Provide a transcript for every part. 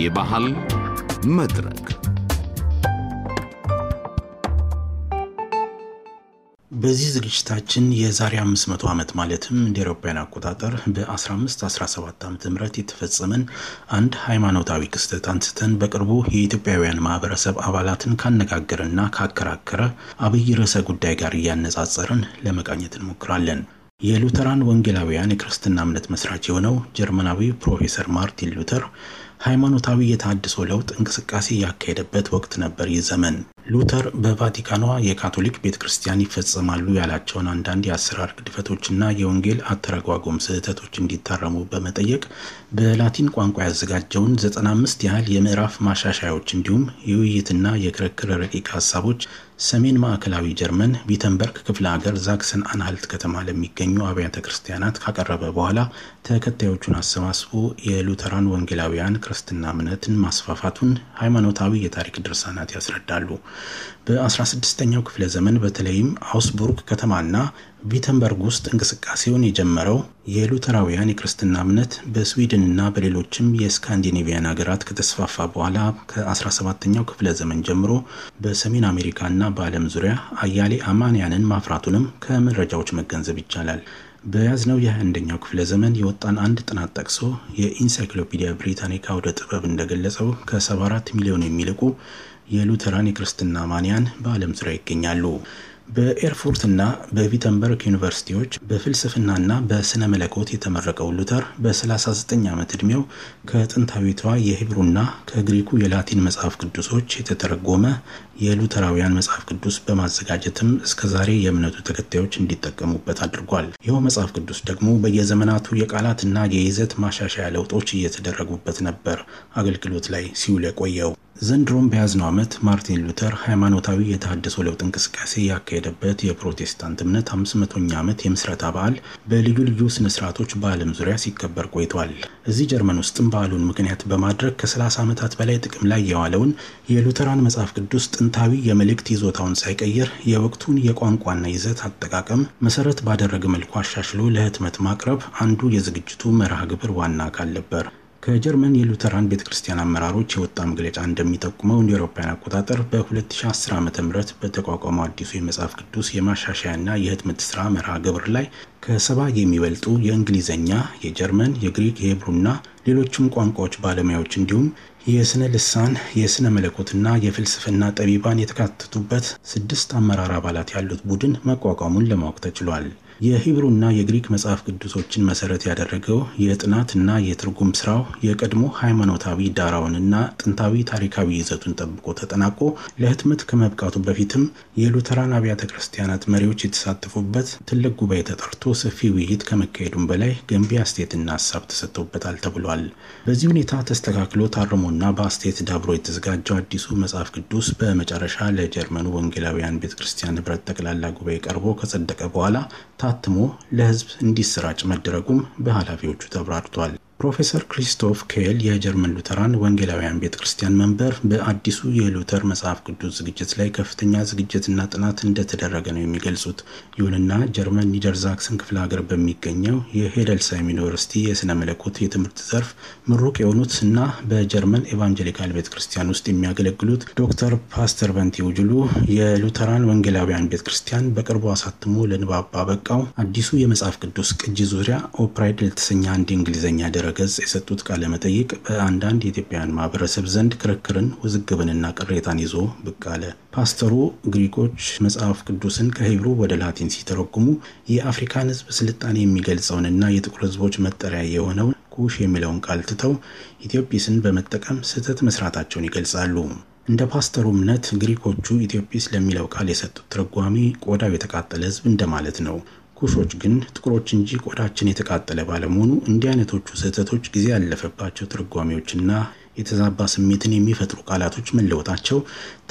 የባህል መድረክ በዚህ ዝግጅታችን የዛሬ 500 ዓመት ማለትም እንደ አውሮፓውያን አቆጣጠር በ1517 ዓ ም የተፈጸመን አንድ ሃይማኖታዊ ክስተት አንስተን በቅርቡ የኢትዮጵያውያን ማህበረሰብ አባላትን ካነጋገረና ካከራከረ አብይ ርዕሰ ጉዳይ ጋር እያነጻጸርን ለመቃኘት እንሞክራለን። የሉተራን ወንጌላውያን የክርስትና እምነት መስራች የሆነው ጀርመናዊ ፕሮፌሰር ማርቲን ሉተር ሃይማኖታዊ የታድሶ ለውጥ እንቅስቃሴ ያካሄደበት ወቅት ነበር ይህ ዘመን። ሉተር በቫቲካኗ የካቶሊክ ቤተ ክርስቲያን ይፈጸማሉ ያላቸውን አንዳንድ የአሰራር ግድፈቶችና የወንጌል አተረጓጎም ስህተቶች እንዲታረሙ በመጠየቅ በላቲን ቋንቋ ያዘጋጀውን 95 ያህል የምዕራፍ ማሻሻያዎች እንዲሁም የውይይትና የክርክር ረቂቅ ሀሳቦች ሰሜን ማዕከላዊ ጀርመን ቪተንበርግ ክፍለ ሀገር ዛክሰን አንሃልት ከተማ ለሚገኙ አብያተ ክርስቲያናት ካቀረበ በኋላ ተከታዮቹን አሰባስቦ የሉተራን ወንጌላውያን ክርስትና እምነትን ማስፋፋቱን ሃይማኖታዊ የታሪክ ድርሳናት ያስረዳሉ። በ16ኛው ክፍለ ዘመን በተለይም አውስቡርግ ከተማና ቪተንበርግ ውስጥ እንቅስቃሴውን የጀመረው የሉተራውያን የክርስትና እምነት በስዊድንና በሌሎችም የስካንዲኔቪያን ሀገራት ከተስፋፋ በኋላ ከ17ኛው ክፍለ ዘመን ጀምሮ በሰሜን አሜሪካና በዓለም ዙሪያ አያሌ አማንያንን ማፍራቱንም ከመረጃዎች መገንዘብ ይቻላል። በያዝነው የ21ኛው ክፍለ ዘመን የወጣን አንድ ጥናት ጠቅሶ የኢንሳይክሎፒዲያ ብሪታኒካ ወደ ጥበብ እንደገለጸው ከ74 ሚሊዮን የሚልቁ የሉተራን የክርስትና ማንያን በዓለም ዙሪያ ይገኛሉ። በኤርፉርትና በቪተንበርግ ዩኒቨርሲቲዎች በፍልስፍናና በስነ መለኮት የተመረቀው ሉተር በ39 ዓመት ዕድሜው ከጥንታዊቷ የሂብሩና ከግሪኩ የላቲን መጽሐፍ ቅዱሶች የተተረጎመ የሉተራውያን መጽሐፍ ቅዱስ በማዘጋጀትም እስከዛሬ የእምነቱ ተከታዮች እንዲጠቀሙበት አድርጓል። ይኸው መጽሐፍ ቅዱስ ደግሞ በየዘመናቱ የቃላትና የይዘት ማሻሻያ ለውጦች እየተደረጉበት ነበር አገልግሎት ላይ ሲውል የቆየው። ዘንድሮም በያዝነው ዓመት ማርቲን ሉተር ሃይማኖታዊ የተሃድሶ ለውጥ እንቅስቃሴ ያካሄደበት የፕሮቴስታንት እምነት 500ኛ ዓመት የምስረታ በዓል በልዩ ልዩ ስነ ስርዓቶች በዓለም ዙሪያ ሲከበር ቆይቷል። እዚህ ጀርመን ውስጥም በዓሉን ምክንያት በማድረግ ከ30 ዓመታት በላይ ጥቅም ላይ የዋለውን የሉተራን መጽሐፍ ቅዱስ ጥንታዊ የመልእክት ይዞታውን ሳይቀይር የወቅቱን የቋንቋና ይዘት አጠቃቀም መሰረት ባደረገ መልኩ አሻሽሎ ለህትመት ማቅረብ አንዱ የዝግጅቱ መርሃ ግብር ዋና አካል ነበር። ከጀርመን የሉተራን ቤተ ክርስቲያን አመራሮች የወጣ መግለጫ እንደሚጠቁመው እንደ አውሮፓውያን አቆጣጠር በ2010 ዓ ም በተቋቋመው አዲሱ የመጽሐፍ ቅዱስ የማሻሻያና የህትመት ስራ መርሃ ግብር ላይ ከሰባ የሚበልጡ የእንግሊዝኛ፣ የጀርመን፣ የግሪክ፣ የሂብሩና ሌሎችም ቋንቋዎች ባለሙያዎች እንዲሁም የስነ ልሳን፣ የስነ መለኮትና የፍልስፍና ጠቢባን የተካተቱበት ስድስት አመራር አባላት ያሉት ቡድን መቋቋሙን ለማወቅ ተችሏል። የሂብሩና የግሪክ መጽሐፍ ቅዱሶችን መሰረት ያደረገው የጥናትና የትርጉም ስራው የቀድሞ ሃይማኖታዊ ዳራውንና ጥንታዊ ታሪካዊ ይዘቱን ጠብቆ ተጠናቆ ለህትመት ከመብቃቱ በፊትም የሉተራን አብያተ ክርስቲያናት መሪዎች የተሳተፉበት ትልቅ ጉባኤ ተጠርቶ ሰፊ ውይይት ከመካሄዱም በላይ ገንቢ አስተያየትና ሀሳብ ተሰጥቶበታል ተብሏል። በዚህ ሁኔታ ተስተካክሎ ታርሞና በአስተያየት ዳብሮ የተዘጋጀው አዲሱ መጽሐፍ ቅዱስ በመጨረሻ ለጀርመኑ ወንጌላውያን ቤተክርስቲያን ህብረት ጠቅላላ ጉባኤ ቀርቦ ከጸደቀ በኋላ ታትሞ ለህዝብ እንዲሰራጭ መደረጉም በኃላፊዎቹ ተብራርቷል። ፕሮፌሰር ክሪስቶፍ ኬል የጀርመን ሉተራን ወንጌላውያን ቤተ ክርስቲያን መንበር በአዲሱ የሉተር መጽሐፍ ቅዱስ ዝግጅት ላይ ከፍተኛ ዝግጅትና ጥናት እንደተደረገ ነው የሚገልጹት። ይሁንና ጀርመን ኒደርዛክስን ክፍለ ሀገር በሚገኘው የሄደልሳይም ዩኒቨርሲቲ የሥነ መለኮት የትምህርት ዘርፍ ምሩቅ የሆኑት እና በጀርመን ኤቫንጀሊካል ቤተ ክርስቲያን ውስጥ የሚያገለግሉት ዶክተር ፓስተር በንቲ ውጅሉ የሉተራን ወንጌላውያን ቤተ ክርስቲያን በቅርቡ አሳትሞ ለንባብ ባበቃው አዲሱ የመጽሐፍ ቅዱስ ቅጂ ዙሪያ ኦፕራይድ ለተሰኘ አንድ እንግሊዝኛ ደረ ድረገጽ የሰጡት ቃለ መጠይቅ በአንዳንድ የኢትዮጵያውያን ማህበረሰብ ዘንድ ክርክርን፣ ውዝግብንና ቅሬታን ይዞ ብቅ አለ። ፓስተሩ ግሪኮች መጽሐፍ ቅዱስን ከሂብሩ ወደ ላቲን ሲተረጉሙ የአፍሪካን ሕዝብ ስልጣኔ የሚገልጸውንና የጥቁር ሕዝቦች መጠሪያ የሆነውን ኩሽ የሚለውን ቃል ትተው ኢትዮጵስን በመጠቀም ስህተት መስራታቸውን ይገልጻሉ። እንደ ፓስተሩ እምነት ግሪኮቹ ኢትዮጵስ ለሚለው ቃል የሰጡት ትርጓሜ ቆዳው የተቃጠለ ሕዝብ እንደማለት ነው። ኩሾች ግን ጥቁሮች እንጂ ቆዳችን የተቃጠለ ባለመሆኑ እንዲህ አይነቶቹ ስህተቶች ጊዜ ያለፈባቸው ትርጓሜዎችና የተዛባ ስሜትን የሚፈጥሩ ቃላቶች መለወጣቸው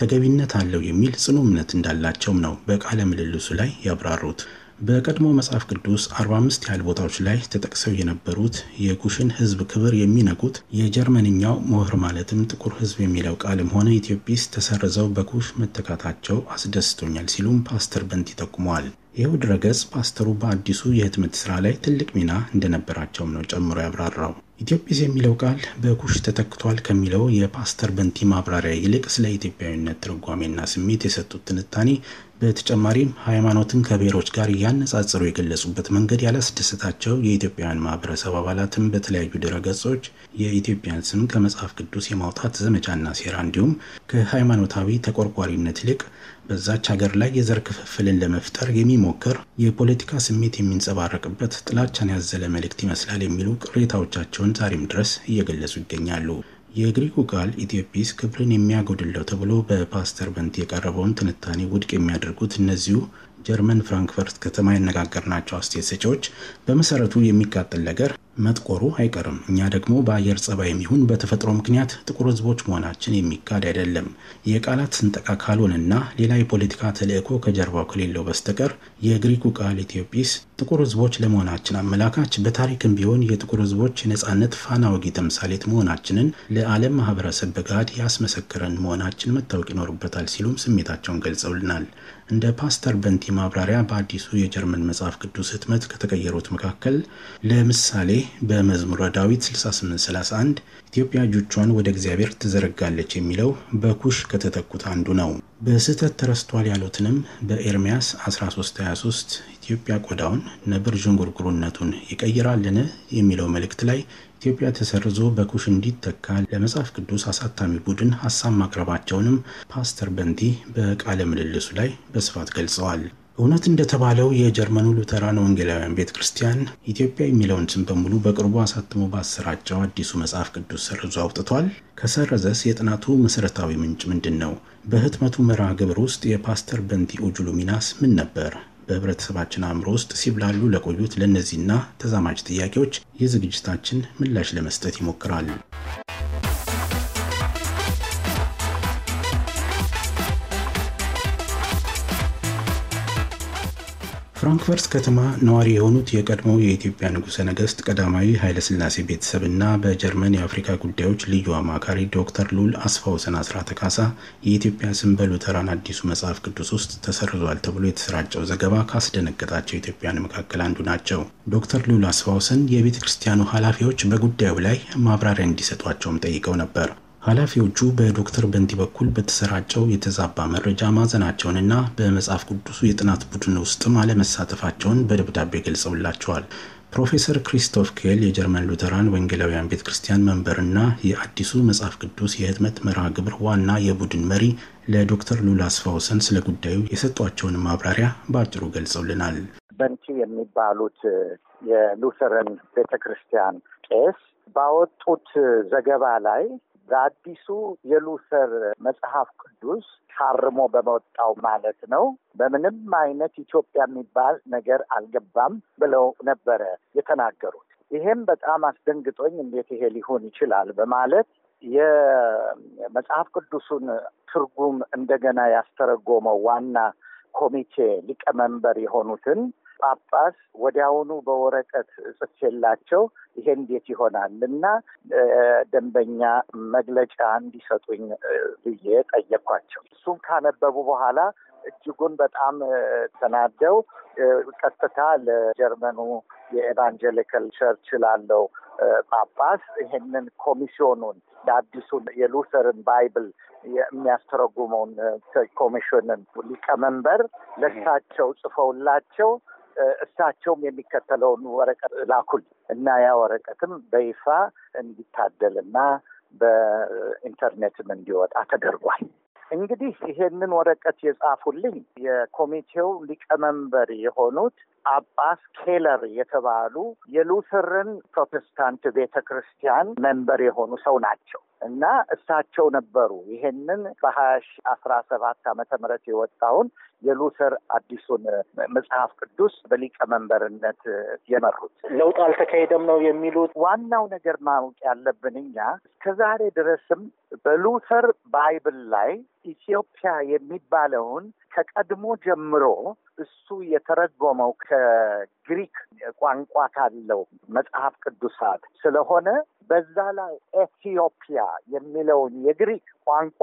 ተገቢነት አለው የሚል ጽኑ እምነት እንዳላቸውም ነው በቃለ ምልልሱ ላይ ያብራሩት። በቀድሞ መጽሐፍ ቅዱስ 45 ያህል ቦታዎች ላይ ተጠቅሰው የነበሩት የኩሽን ህዝብ ክብር የሚነቁት የጀርመንኛው ምሁር ማለትም ጥቁር ህዝብ የሚለው ቃልም ሆነ ኢትዮጵስ ተሰርዘው በኩሽ መተካታቸው አስደስቶኛል ሲሉም ፓስተር በንት ይጠቁመዋል። ይኸው ድረገጽ ፓስተሩ በአዲሱ የህትመት ስራ ላይ ትልቅ ሚና እንደነበራቸውም ነው ጨምሮ ያብራራው። ኢትዮጵስ የሚለው ቃል በኩሽ ተተክቷል ከሚለው የፓስተር በንቲ ማብራሪያ ይልቅ ስለ ኢትዮጵያዊነት ትርጓሜና ስሜት የሰጡት ትንታኔ በተጨማሪም ሃይማኖትን ከብሔሮች ጋር እያነጻጸሩ የገለጹበት መንገድ ያላስደሰታቸው የኢትዮጵያውያን ማህበረሰብ አባላትም በተለያዩ ድረገጾች የኢትዮጵያን ስም ከመጽሐፍ ቅዱስ የማውጣት ዘመቻና ሴራ እንዲሁም ከሃይማኖታዊ ተቆርቋሪነት ይልቅ በዛች ሀገር ላይ የዘር ክፍፍልን ለመፍጠር የሚሞክር የፖለቲካ ስሜት የሚንጸባረቅበት ጥላቻን ያዘለ መልእክት ይመስላል የሚሉ ቅሬታዎቻቸውን ዛሬም ድረስ እየገለጹ ይገኛሉ። የግሪኩ ቃል ኢትዮጵስ ክብርን የሚያጎድለው ተብሎ በፓስተር በንት የቀረበውን ትንታኔ ውድቅ የሚያደርጉት እነዚሁ ጀርመን ፍራንክፈርት ከተማ ያነጋገርናቸው አስተያየት ሰጪዎች በመሰረቱ የሚቃጠል ነገር መጥቆሩ አይቀርም። እኛ ደግሞ በአየር ጸባይ ይሁን በተፈጥሮ ምክንያት ጥቁር ህዝቦች መሆናችን የሚካድ አይደለም። የቃላት ስንጠቃ ካልሆንና ሌላ የፖለቲካ ተልእኮ ከጀርባው ከሌለው በስተቀር የግሪኩ ቃል ኢትዮጵስ ጥቁር ህዝቦች ለመሆናችን አመላካች በታሪክም ቢሆን የጥቁር ህዝቦች የነጻነት ፋና ወጊ ተምሳሌት መሆናችንን ለዓለም ማህበረሰብ በጋድ ያስመሰከረን መሆናችን መታወቅ ይኖርበታል ሲሉም ስሜታቸውን ገልጸውልናል። እንደ ፓስተር በንቲ ማብራሪያ በአዲሱ የጀርመን መጽሐፍ ቅዱስ ህትመት ከተቀየሩት መካከል ለምሳሌ በመዝሙረ ዳዊት 6831 ኢትዮጵያ እጆቿን ወደ እግዚአብሔር ትዘረጋለች የሚለው በኩሽ ከተተኩት አንዱ ነው። በስህተት ተረስቷል ያሉትንም በኤርሚያስ 1323 የኢትዮጵያ ቆዳውን ነብር ዥንጉርጉርነቱን ይቀይራልን የሚለው መልእክት ላይ ኢትዮጵያ ተሰርዞ በኩሽ እንዲተካ ለመጽሐፍ ቅዱስ አሳታሚ ቡድን ሀሳብ ማቅረባቸውንም ፓስተር በንቲ በቃለ ምልልሱ ላይ በስፋት ገልጸዋል። እውነት እንደተባለው የጀርመኑ ሉተራን ወንጌላውያን ቤተ ክርስቲያን ኢትዮጵያ የሚለውን ስም በሙሉ በቅርቡ አሳትሞ ባሰራጨው አዲሱ መጽሐፍ ቅዱስ ሰርዞ አውጥቷል። ከሰረዘስ የጥናቱ መሠረታዊ ምንጭ ምንድን ነው? በህትመቱ መርሃ ግብር ውስጥ የፓስተር በንቲ ኡጁሉ ሚናስ ምን ነበር? በህብረተሰባችን አእምሮ ውስጥ ሲብላሉ ለቆዩት ለእነዚህና ተዛማጅ ጥያቄዎች የዝግጅታችን ምላሽ ለመስጠት ይሞክራል። ፍራንክፈርት ከተማ ነዋሪ የሆኑት የቀድሞው የኢትዮጵያ ንጉሠ ነገሥት ቀዳማዊ ኃይለሥላሴ እና በጀርመን የአፍሪካ ጉዳዮች ልዩ አማካሪ ዶክተር ሉል አስፋውሰን አስራተ ካሳ የኢትዮጵያ ስም በሉተራን አዲሱ መጽሐፍ ቅዱስ ውስጥ ተሰርዟል ተብሎ የተሰራጨው ዘገባ ካስደነገጣቸው ኢትዮጵያን መካከል አንዱ ናቸው። ዶክተር ሉል አስፋውሰን የቤተ ክርስቲያኑ ኃላፊዎች በጉዳዩ ላይ ማብራሪያ እንዲሰጧቸውም ጠይቀው ነበር። ኃላፊዎቹ በዶክተር በንቲ በኩል በተሰራጨው የተዛባ መረጃ ማዘናቸውንና በመጽሐፍ ቅዱሱ የጥናት ቡድን ውስጥም አለመሳተፋቸውን በደብዳቤ ገልጸውላቸዋል። ፕሮፌሰር ክሪስቶፍ ኬል የጀርመን ሉተራን ወንጌላውያን ቤተ ክርስቲያን መንበርና የአዲሱ መጽሐፍ ቅዱስ የህትመት መርሃ ግብር ዋና የቡድን መሪ ለዶክተር ሉላ ፋውሰን ስለ ጉዳዩ የሰጧቸውን ማብራሪያ በአጭሩ ገልጸውልናል። በንቲ የሚባሉት የሉተረን ቤተ ክርስቲያን ቄስ ባወጡት ዘገባ ላይ አዲሱ የሉሰር መጽሐፍ ቅዱስ ታርሞ በመወጣው ማለት ነው። በምንም አይነት ኢትዮጵያ የሚባል ነገር አልገባም ብለው ነበረ የተናገሩት። ይሄም በጣም አስደንግጦኝ እንዴት ይሄ ሊሆን ይችላል በማለት የመጽሐፍ ቅዱሱን ትርጉም እንደገና ያስተረጎመው ዋና ኮሚቴ ሊቀመንበር የሆኑትን ጳጳስ ወዲያውኑ በወረቀት ጽፌላቸው ይሄ እንዴት ይሆናል እና ደንበኛ መግለጫ እንዲሰጡኝ ብዬ ጠየኳቸው። እሱም ካነበቡ በኋላ እጅጉን በጣም ተናደው ቀጥታ ለጀርመኑ የኤቫንጀሊካል ቸርች ላለው ጳጳስ ይሄንን ኮሚሽኑን ለአዲሱን የሉተርን ባይብል የሚያስተረጉመውን ኮሚሽንን ሊቀመንበር ለሳቸው ጽፈውላቸው እሳቸውም የሚከተለውን ወረቀት ላኩል እና ያ ወረቀትም በይፋ እንዲታደል እና በኢንተርኔትም እንዲወጣ ተደርጓል። እንግዲህ ይሄንን ወረቀት የጻፉልኝ የኮሚቴው ሊቀመንበር የሆኑት አባስ ኬለር የተባሉ የሉተርን ፕሮቴስታንት ቤተ ክርስቲያን መንበር የሆኑ ሰው ናቸው እና እሳቸው ነበሩ ይሄንን በሀያ ሺ አስራ ሰባት ዓመተ ምህረት የወጣውን የሉተር አዲሱን መጽሐፍ ቅዱስ በሊቀመንበርነት የመሩት። ለውጥ አልተካሄደም ነው የሚሉት። ዋናው ነገር ማወቅ ያለብን እኛ እስከዛሬ ድረስም በሉተር ባይብል ላይ ኢትዮጵያ የሚባለውን ከቀድሞ ጀምሮ እሱ የተረጎመው ከግሪክ ቋንቋ ካለው መጽሐፍ ቅዱሳት ስለሆነ በዛ ላይ ኤቲዮፒያ የሚለውን የግሪክ ቋንቋ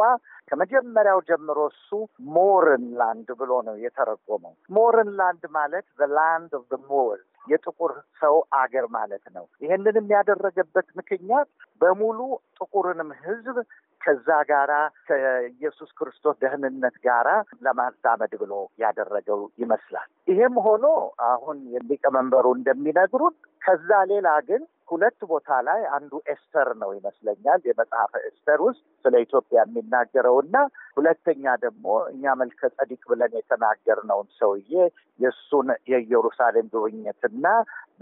ከመጀመሪያው ጀምሮ እሱ ሞርን ላንድ ብሎ ነው የተረጎመው። ሞርን ላንድ ማለት ዘ ላንድ ኦፍ ዘ ሞር የጥቁር ሰው አገር ማለት ነው። ይህንንም ያደረገበት ምክንያት በሙሉ ጥቁርንም ህዝብ ከዛ ጋራ ከኢየሱስ ክርስቶስ ደህንነት ጋራ ለማዛመድ ብሎ ያደረገው ይመስላል። ይህም ሆኖ አሁን የሊቀመንበሩ እንደሚነግሩን ከዛ ሌላ ግን ሁለት ቦታ ላይ አንዱ ኤስተር ነው ይመስለኛል የመጽሐፈ ኤስተር ውስጥ ስለ ኢትዮጵያ የሚናገረውና ሁለተኛ ደግሞ እኛ መልከ ጸዲቅ ብለን የተናገርነውን ሰውዬ የእሱን የኢየሩሳሌም ጉብኝትና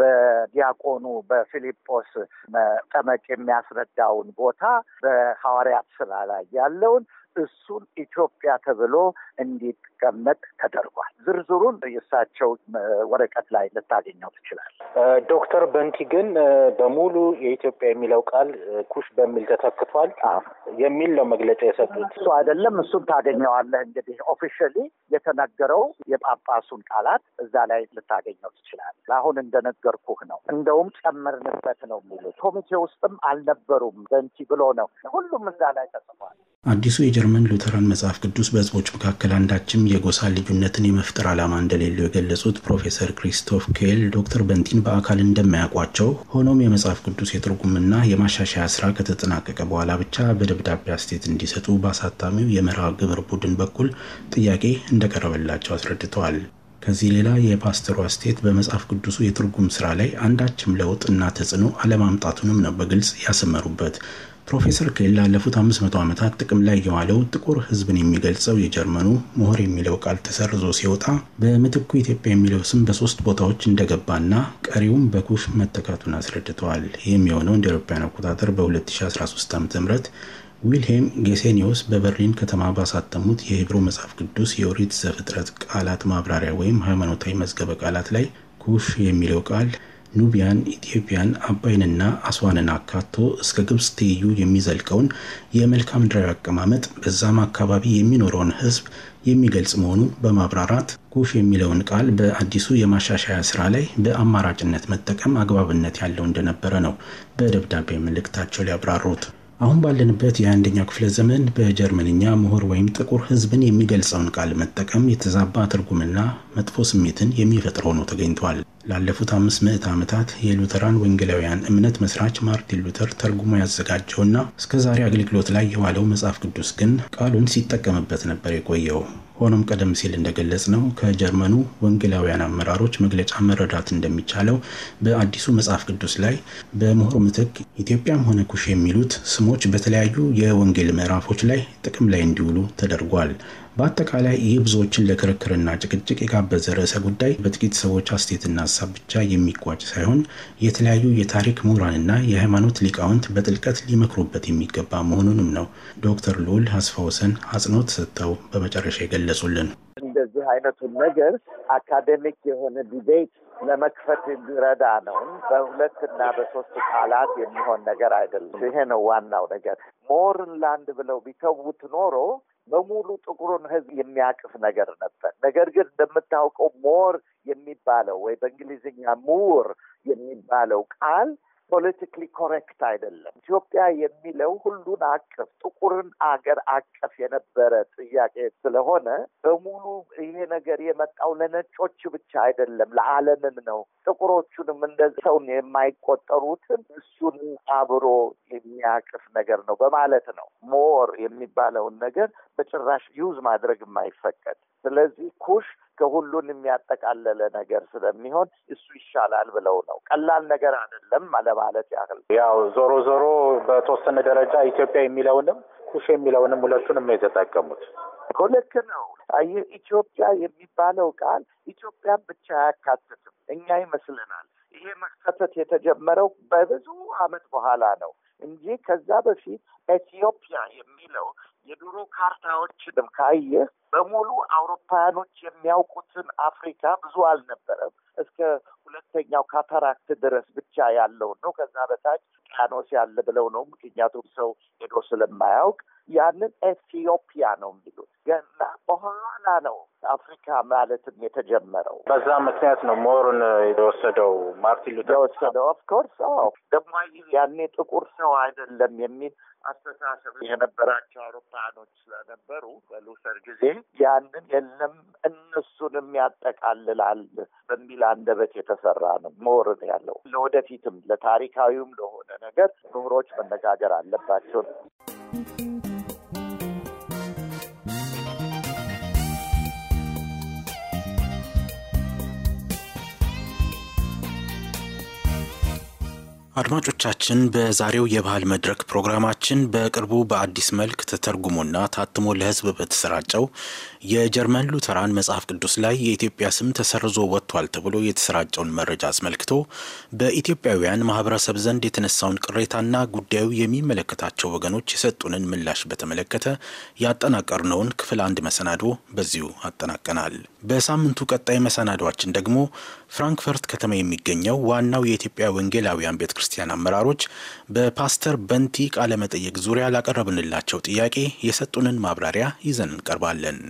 በዲያቆኑ በፊልጶስ መጠመቅ የሚያስረዳውን ቦታ በሐዋርያት ስራ ላይ ያለውን እሱን ኢትዮጵያ ተብሎ እንዲቀመጥ ተደርጓል። ዝርዝሩን የእሳቸው ወረቀት ላይ ልታገኘው ትችላል። ዶክተር በንቲ ግን በሙሉ የኢትዮጵያ የሚለው ቃል ኩሽ በሚል ተተክቷል የሚል ነው መግለጫ የሰጡት። እሱ አይደለም፣ እሱን ታገኘዋለህ። እንግዲህ ኦፊሻሊ የተነገረው የጳጳሱን ቃላት እዛ ላይ ልታገኘው ትችላል። አሁን እንደነገርኩህ ነው። እንደውም ጨመርንበት ነው የሚሉት። ኮሚቴ ውስጥም አልነበሩም በንቲ ብሎ ነው ሁሉም እዛ ላይ ተጽፏል። አዲሱ የጀርመን ሉተራን መጽሐፍ ቅዱስ በህዝቦች መካከል አንዳችም የጎሳ ልዩነትን የመፍጠር ዓላማ እንደሌለው የገለጹት ፕሮፌሰር ክሪስቶፍ ኬል ዶክተር በንቲን በአካል እንደማያውቋቸው፣ ሆኖም የመጽሐፍ ቅዱስ የትርጉምና የማሻሻያ ስራ ከተጠናቀቀ በኋላ ብቻ በደብዳቤ አስቴት እንዲሰጡ በአሳታሚው የመርሃ ግብር ቡድን በኩል ጥያቄ እንደቀረበላቸው አስረድተዋል። ከዚህ ሌላ የፓስተሩ አስቴት በመጽሐፍ ቅዱሱ የትርጉም ስራ ላይ አንዳችም ለውጥ እና ተጽዕኖ አለማምጣቱንም ነው በግልጽ ያሰመሩበት። ፕሮፌሰር ክሌል ላለፉት 500 ዓመታት ጥቅም ላይ የዋለው ጥቁር ህዝብን የሚገልጸው የጀርመኑ ምሁር የሚለው ቃል ተሰርዞ ሲወጣ በምትኩ ኢትዮጵያ የሚለው ስም በሶስት ቦታዎች እንደገባና ቀሪውም በኩፍ መተካቱን አስረድተዋል። ይህም የሆነው እንደ አውሮፓውያን አቆጣጠር በ2013 ዓ ም ዊልሄም ጌሴኒዮስ በበርሊን ከተማ ባሳተሙት የሂብሩ መጽሐፍ ቅዱስ የኦሪት ዘፍጥረት ቃላት ማብራሪያ ወይም ሃይማኖታዊ መዝገበ ቃላት ላይ ኩሽ የሚለው ቃል ኑቢያን፣ ኢትዮጵያን፣ አባይንና አስዋንን አካቶ እስከ ግብፅ ትይዩ የሚዘልቀውን የመልክዓ ምድራዊ አቀማመጥ በዛም አካባቢ የሚኖረውን ህዝብ የሚገልጽ መሆኑን በማብራራት ጎሽ የሚለውን ቃል በአዲሱ የማሻሻያ ስራ ላይ በአማራጭነት መጠቀም አግባብነት ያለው እንደነበረ ነው በደብዳቤ መልእክታቸው ሊያብራሩት። አሁን ባለንበት የአንደኛ ክፍለ ዘመን በጀርመንኛ ምሁር ወይም ጥቁር ህዝብን የሚገልጸውን ቃል መጠቀም የተዛባ ትርጉምና መጥፎ ስሜትን የሚፈጥር ሆኖ ተገኝቷል። ላለፉት አምስት ምዕት ዓመታት የሉተራን ወንጌላውያን እምነት መስራች ማርቲን ሉተር ተርጉሞ ያዘጋጀውና እስከ ዛሬ አገልግሎት ላይ የዋለው መጽሐፍ ቅዱስ ግን ቃሉን ሲጠቀምበት ነበር የቆየው። ሆኖም ቀደም ሲል እንደገለጽ ነው ከጀርመኑ ወንጌላውያን አመራሮች መግለጫ መረዳት እንደሚቻለው በአዲሱ መጽሐፍ ቅዱስ ላይ በምሁር ምትክ ኢትዮጵያም ሆነ ኩሽ የሚሉት ስሞች በተለያዩ የወንጌል ምዕራፎች ላይ ጥቅም ላይ እንዲውሉ ተደርጓል። በአጠቃላይ ይህ ብዙዎችን ለክርክርና ጭቅጭቅ የጋበዘ ርዕሰ ጉዳይ በጥቂት ሰዎች አስቴትና ሀሳብ ብቻ የሚጓጭ ሳይሆን የተለያዩ የታሪክ ምሁራንና የሃይማኖት ሊቃውንት በጥልቀት ሊመክሩበት የሚገባ መሆኑንም ነው ዶክተር ልዑል አስፋውሰን ወሰን አጽንኦት ሰጥተው በመጨረሻ የገለጹልን። እንደዚህ አይነቱን ነገር አካዴሚክ የሆነ ዲቤት ለመክፈት የሚረዳ ነው። በሁለትና በሶስት ቃላት የሚሆን ነገር አይደለም። ይሄ ነው ዋናው ነገር። ሞርን ላንድ ብለው ቢተዉት ኖሮ በሙሉ ጥቁሩን ህዝብ የሚያቅፍ ነገር ነበር። ነገር ግን እንደምታውቀው ሞር የሚባለው ወይ በእንግሊዝኛ ሙር የሚባለው ቃል ፖለቲካሊ ኮሬክት አይደለም። ኢትዮጵያ የሚለው ሁሉን አቀፍ ጥቁርን አገር አቀፍ የነበረ ጥያቄ ስለሆነ በሙሉ ይሄ ነገር የመጣው ለነጮች ብቻ አይደለም፣ ለዓለምም ነው። ጥቁሮቹንም እንደ ሰው የማይቆጠሩትን እሱን አብሮ የሚያቅፍ ነገር ነው በማለት ነው ሞር የሚባለውን ነገር በጭራሽ ዩዝ ማድረግ የማይፈቀድ ስለዚህ ኩሽ ከሁሉን የሚያጠቃለለ ነገር ስለሚሆን እሱ ይሻላል ብለው ነው። ቀላል ነገር አይደለም ለማለት ያህል ያው ዞሮ ዞሮ በተወሰነ ደረጃ ኢትዮጵያ የሚለውንም ኩሽ የሚለውንም ሁለቱንም የተጠቀሙት ልክ ነው። ይህ ኢትዮጵያ የሚባለው ቃል ኢትዮጵያን ብቻ አያካትትም። እኛ ይመስልናል ይሄ መክተተት የተጀመረው በብዙ ዓመት በኋላ ነው እንጂ ከዛ በፊት ኢትዮጵያ የሚለው የድሮ ካርታዎችንም ካየ በሙሉ አውሮፓውያኖች የሚያውቁትን አፍሪካ ብዙ አልነበረም። እስከ ሁለተኛው ካታራክት ድረስ ብቻ ያለውን ነው። ከዛ በታች ውቅያኖስ ያለ ብለው ነው። ምክንያቱም ሰው ሄዶ ስለማያውቅ ያንን ኤትዮጵያ ነው የሚሉት። ገና በኋላ ነው አፍሪካ ማለትም የተጀመረው በዛ ምክንያት ነው። ሞርን የወሰደው ማርቲን ሉተር የወሰደው ኦፍኮርስ ደግሞ ያኔ ጥቁር ሰው አይደለም የሚል አስተሳሰብ የነበራቸው አውሮፓኖች ስለነበሩ በሉተር ጊዜ ያንን የለም እነሱንም ያጠቃልላል በሚል አንደበት የተሰራ ነው። ሞርን ያለው ለወደፊትም ለታሪካዊውም ለሆነ ነገር ምሁሮች መነጋገር አለባቸው። አድማጮቻችን በዛሬው የባህል መድረክ ፕሮግራማችን በቅርቡ በአዲስ መልክ ተተርጉሞና ታትሞ ለሕዝብ በተሰራጨው የጀርመን ሉተራን መጽሐፍ ቅዱስ ላይ የኢትዮጵያ ስም ተሰርዞ ወጥቷል ተብሎ የተሰራጨውን መረጃ አስመልክቶ በኢትዮጵያውያን ማህበረሰብ ዘንድ የተነሳውን ቅሬታና ጉዳዩ የሚመለከታቸው ወገኖች የሰጡንን ምላሽ በተመለከተ ያጠናቀርነውን ክፍል አንድ መሰናዶ በዚሁ አጠናቀናል። በሳምንቱ ቀጣይ መሰናዷችን ደግሞ ፍራንክፈርት ከተማ የሚገኘው ዋናው የኢትዮጵያ ወንጌላውያን ቤተ ክርስቲያን አመራሮች በፓስተር በንቲ ቃለመጠየቅ ዙሪያ ላቀረብንላቸው ጥያቄ የሰጡንን ማብራሪያ ይዘን እንቀርባለን።